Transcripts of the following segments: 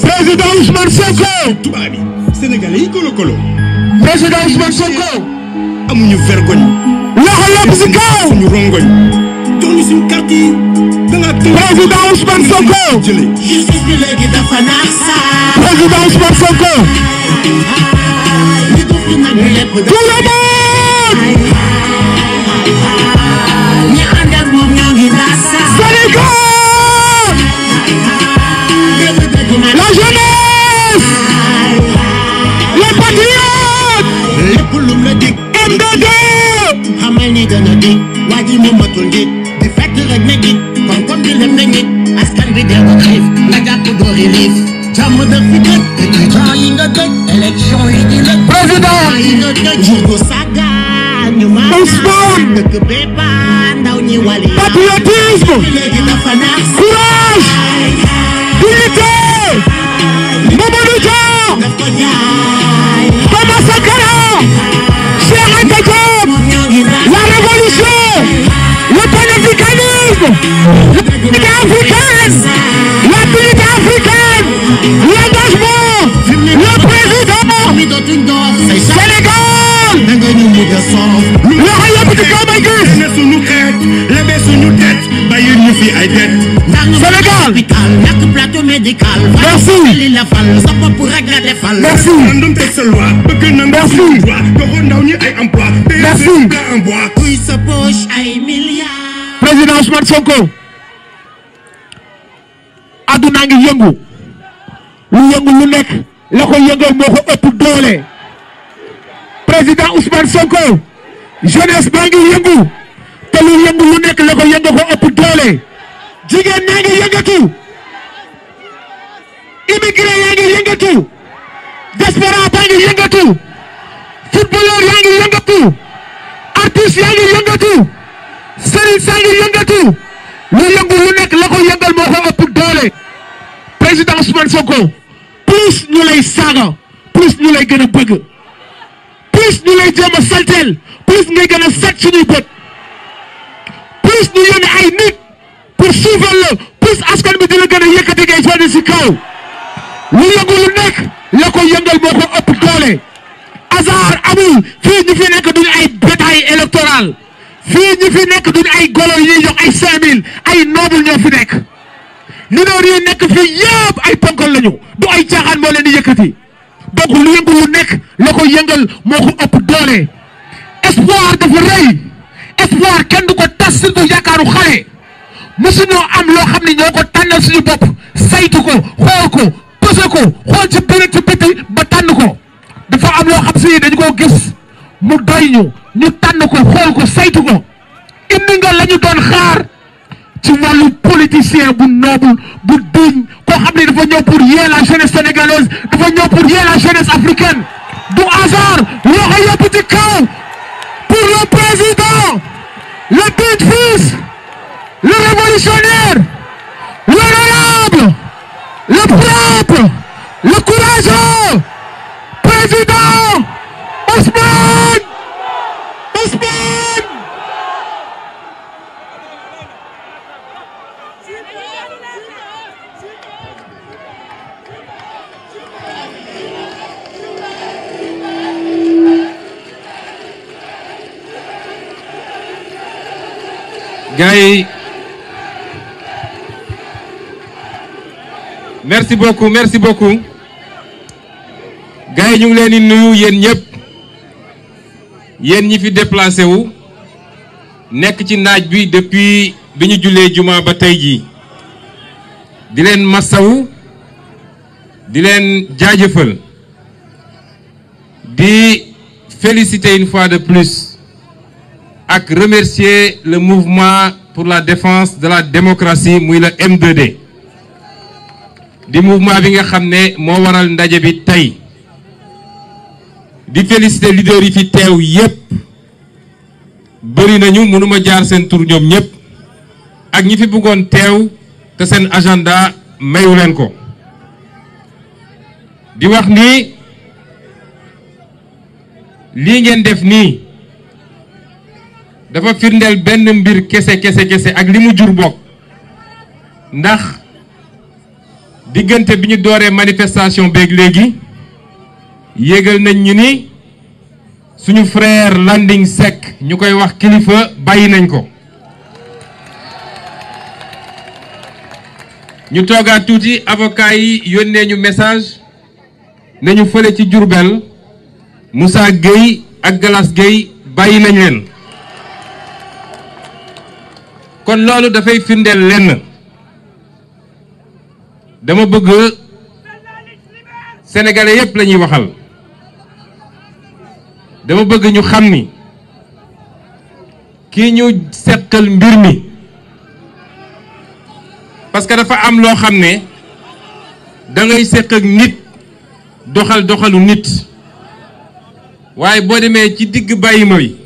président Ousmane Sonko. tubaab yi sénégalais yi kolo kolo. président Ousmane Sonko. amuñu vergogne. loxo lépp si kaw. ñu rongoñ. jox ñu suñu carte yi. da ngaa tënk président Ousmane yi ñu matul njiit di fekk rek ne njiit koom-koom di lem ne njiit askan bi dee ko xiif nga jàpp doori liif Baba Sankara africaine, la Ligue africaine, président, Sénégal, le royaume du Cameroun. Sénégal. Merci. Merci. Merci. Merci. Président Ousmane Sonko. àdduna ngi yëngu lu yëngu lu nekk la ko yëngal moo ko ëpp doole président Ousmane Sonko jeunesse baa ngi yëngu te lu yëngu lu nekk la ko yëngal ko ëpp doole jigéen ñaa ngi yëngatu immigré yaa ngi yëngatu diaspora baa ngi yëngatu footballeur yaa ngi yëngatu artiste yaa ngi yëngatu sëriñ saa ngi yëngatu lu yëngu lu nekk la ko yëngal moo ko ëpp doole président Ousmane Sonko plus ñu lay saaga plus ñu lay gën a bëgg plus ñu lay jéem a plus ngay gën a set suñuy bët plus ñu yónni ay nit pour suufal la plus askan bi di gën a yëkkati ngay fànn si kaw lu yëngu nekk la ko moo ko ëpp doole hasard amul fii ñu fi nekk duñu ay bétail électoral fii ñu fi nekk duñu ay golo yi ñuy ay 5000 ay noble ñoo nekk mineurs yi nekk fii yëpp ay ponkal lañu du ay caaxaan moo leen di yëkkati lu yëngu nekk la ko yëngal moo ko ëpp doole espoir dafa rëy espoir kenn du ko tas surtout yaakaaru xale mosuñoo am loo xam ne ñoo ko tànnal suñu bopp saytu ko xool ko pëse ko xool ci biir ci biti ba tànn ko dafa am loo xam si dañu ko gis mu doy ñu ñu tànn ko xool ko saytu ko indi nga la doon xaar ci wàllu politicien bu noble bu digne koo xam ne dafa ñëw pour yee la jeunesse sénégalaise dafa pour yee la jeunesse africaine du hasard loxo yëpp ci pour le président le digne le révolutionnaire l'honorable le propre le courageux président Ousmane Gaye. merci beaucoup merci beaucoup. Gaye ñu ngi leen nuyu yéen ñëpp. yéen ñi fi déplacé wu. nekk ci naaj bi depuis bi ñu jullee juma ba tey jii. di leen massawu. di leen jaajëfal. di féliciter une fois de plus. ak remercier le mouvement pour la défense de la démocratie muy la m di mouvement bi nga xam ne moo waral ndaje bi tey di féliciter leader yi fi teew yépp bëri nañu mënuma jaar seen tur ñoom ñépp ak ñi fi bëggoon teew te seen agenda mayu leen ko di wax ni lii ngeen def nii dafa firndeel benn mbir kese kese kese ak li mu jur bokk ndax diggante bi ñu dooree manifestation beeg léegi yëgal nañ ñu ni suñu frère Landing Seck ñu koy wax kilifa bàyyi nañ ko ñu toogaat tuuti avocat yi yónnee ñu message nañu fële ci Diourbel Moussa Gueye ak Galas géey bàyyi nañ leen kon loolu dafay firndeel lenn dama bëgg sénégalais yépp la waxal dama bëgg ñu xam ni kii ñu seqal mbir mi parce que dafa am loo xam ne dangay ngay nit doxal doxalu nit waaye boo demee ci digg bàyyi mooy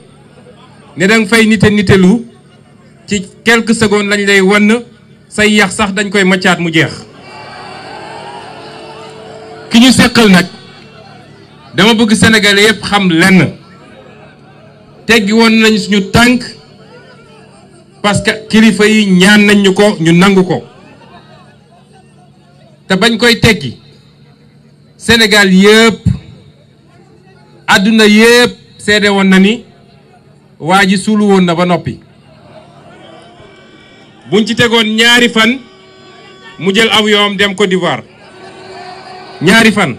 ne danga fay nite nitelu ci quelques secondes lañ lay wann say yax sax dañ koy maccaat mu jeex ki ñu seqal nag dama bëgg sénégalais yëpp xam lenn teggi woon nañ suñu tànk parce que kilifa yi ñaan nañ ñu ko ñu nangu ko te bañ koy teggi Sénégal yëpp àdduna yëpp seede woon na ni waa ji suulu na ba noppi buñ ci tegoon ñaari fan mu jël aw yoom dem Côte d'Ivoire ñaari fan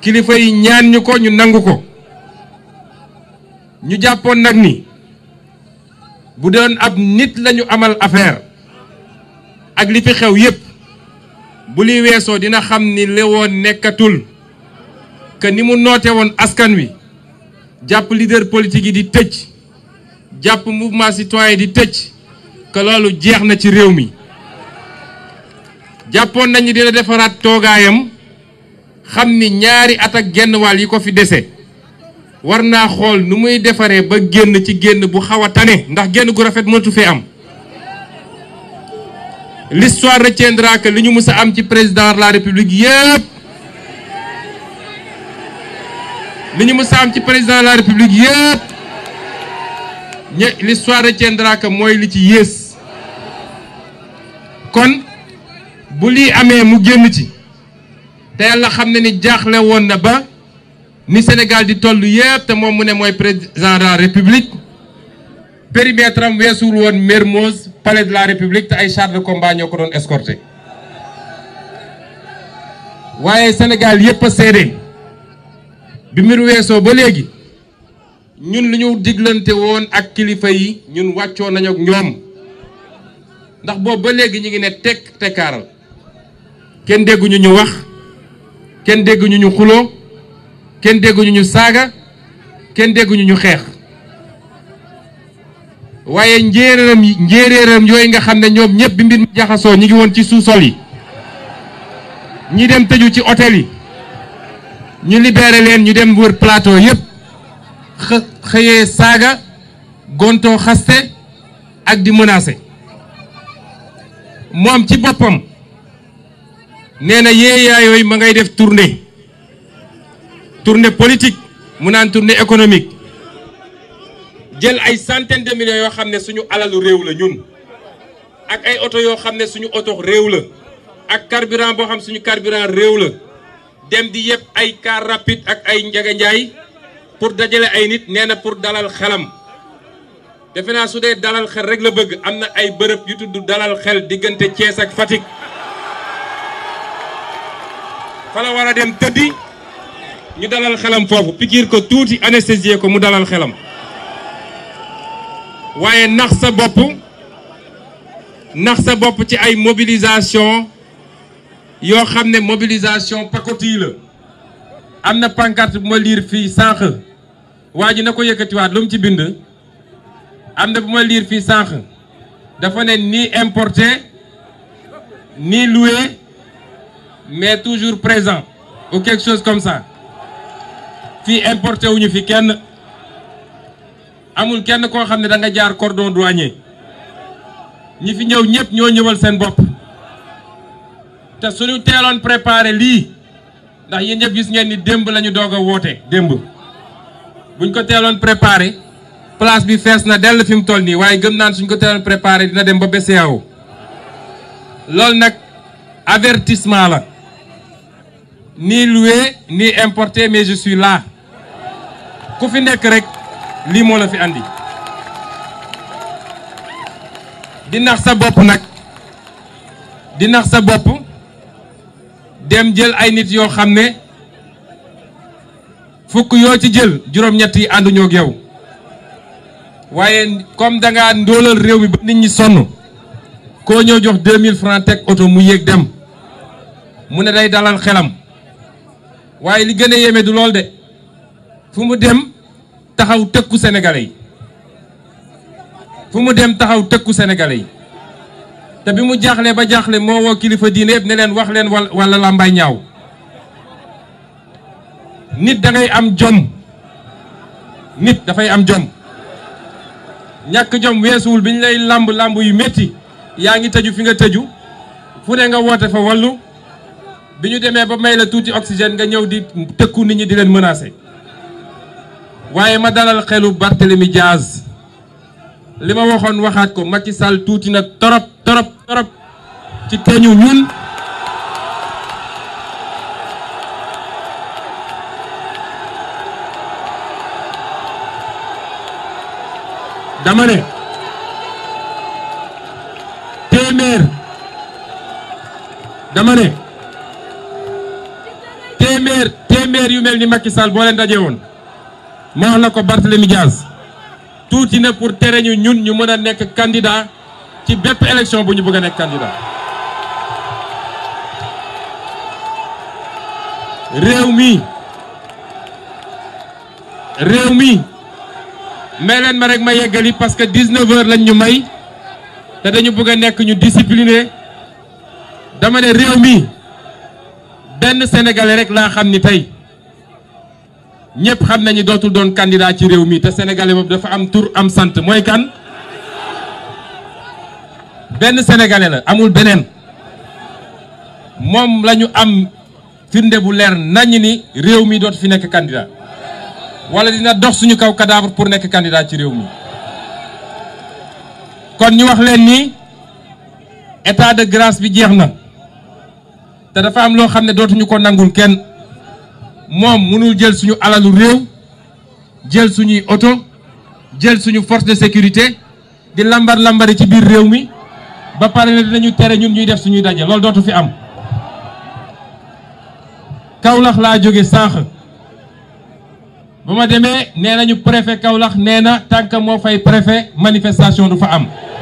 kilifa yi ñaan ñu ko ñu nangu ko ñu jàppoon nag ni bu doon ab nit lañu amal affaire ak li xew yépp bu li weesoo dina xam ni li nekkatul que ni mu noote woon askan wi jàpp leader politique yi di tëj jàpp mouvement citoyen di tëj que loolu jeex na ci réew mi jàppoon nañu dina defaraat toogaayam xam ni ñaari at ak genn wàll yi ko fi desee war naa xool nu muy defaree ba génn ci génn bu xaw a tane ndax génn gu rafet mënatu fee am l'histoire retiendra que li ñu mës a am ci président la république yépp li président la république yépp ñe l'histoire retiendra mooy li ci yées kon bu lii amee mu génn ci te yàlla xam na ni jaaxle woon na ba ni Sénégal di toll yëpp te moom mu ne mooy président de la république périmètre am weesuwul woon Mermoz palais de la république te ay chars compagne combat ko doon escorté waaye Sénégal yëpp a seede bi mbiru weesoo ba léegi. ñun li ñu diglante woon ak kilifa yi ñun wàccoo nañu ak ñoom ndax boobu ba léegi ñu ngi ne teg tekkaaral kenn dégguñu ñu wax kenn dégguñu ñu xuloo kenn dégguñu ñu saaga kenn dégguñu ñu xeex waaye njéeréeram yi njéeréeram yooyu nga xam ne ñoom ñëpp bi mbir mi jaxasoo ñi ngi woon ci suusol yi ñi dem tëju ci hôtel yi ñu libéré leen ñu dem wër plateau yëpp. xëyee saaga gontoo xaste ak di menacer moom ci boppam nee na yeeyaa yooyu ma ngay def tournée tournée politique mu naan tournée économique jël ay centaine de millions yoo xam ne suñu alalu réew la ñun ak ay oto yoo xam ne suñu oto réew la ak carburant boo xam suñu carburant réew la dem di yëpp ay car rapide ak ay njaganjaay pour dajale ay nit nee na pour dalal xelam defe naa su dee dalal xel rek la bëgg am na ay bërëb yu tudd dalal xel diggante Thiès ak Fatick fa war a dem tëddi ñu dalal xelam foofu pikiir ko tuuti anesthésier ko mu dalal xelam waaye nax sa bopp nax sa bopp ci ay mobilisation yoo xam ne mobilisation pacotille la am na pancarte bu ma liir fii sànq waa ji na ko yëkkatiwaat lu mu ci bind am na bu ma liir fii sànq dafa ne nii importé nii loué mais toujours présent ou quelque chose comme ça fii importé wuñu fi kenn amul kenn koo xam ne danga nga jaar cordon douanier ñi fi ñëw ñëpp ñoo ñëwal seen bopp te suñu teeloon prépare lii ndax yéen ñëpp gis ngeen ni démb la ñu doog a woote démb buñ ko teeloon préparé place bi fees na dell fi mu toll nii waaye gën naan suñ ko teeloon préparé dina dem ba BCEAO loolu nag avertissement la nii loué ni importé mais je suis ku fi nekk rek lii moo la fi andi dinax nax sa bopp nag dinax sa bopp dem jël ay nit yoo xam ne fukk yoo ci jël juróom-ñett ànduñoo ak yow waaye comme danga ngaa réew mi ba nit ñi sonn koo ñëw jox 2000 francs teg oto mu yéeg dem mu ne day dalal xelam waaye li gën a yéeme du lool de fu mu dem taxaw tëkku sénégalais yi fu mu dem taxaw tëkku sénégalais yi te bi mu jaaxle ba jaaxle moo woo kilifa diine yëpp ne leen wax leen wala làmbaay ñaaw nit dangay am jom nit dafay am jom ñàkk jom weesuwul bi ñu lay làmb làmb yu metti yaa ngi tëju fi nga tëju fu ne nga woote fa wàllu bi ñu demee ba may la tuuti oxygène nga ñëw di tëkku nit ñi di leen menacer waaye ma dalal xelu Barthélemy Diaz li ma waxoon waxaat ko Macky Sall tuuti na torop torop torop ci teñu ñun dama ne téeméer dama ne téeméer téeméer yu mel ni Macky Sall boo leen daje woon ma wax la ko Barthélemy Diaz tuuti na pour tere ñu ñun ñu mën a nekk candidat ci bépp élection bu ñu bëgg a nekk candidat réew mi réew mi may leen ma rek ma yeggali parce que 19 heures lañ ñu may te dañu bëgg a nekk ñu discipliné dama ne réew mi benn sénégalais rek laa xam ni tey ñëpp xam nañu dootul doon candidat ci réew mi te sénégalais boobu dafa am tur am sant mooy kan benn sénégalais la amul beneen moom la ñu am firnde bu leer nañ ni réew mii dootu fi nekk candidat. wala dina dox suñu kaw cadavre pour nekk candidat ci réew mi kon ñu wax leen ni état de grace bi jeex na te dafa am loo xam ne dootuñu ko nangul kenn moom mënul jël suñu alalu réew jël suñuy oto jël suñu force de sécurité di lambar lambari ci biir réew mi ba pare ne dinañu tere ñun ñuy def suñuy daje loolu dootu fi am Kaolack laa jóge sànq. ba ma demee nee nañu préfet Kaolack nee na tant moo fay préfet manifestation du fa am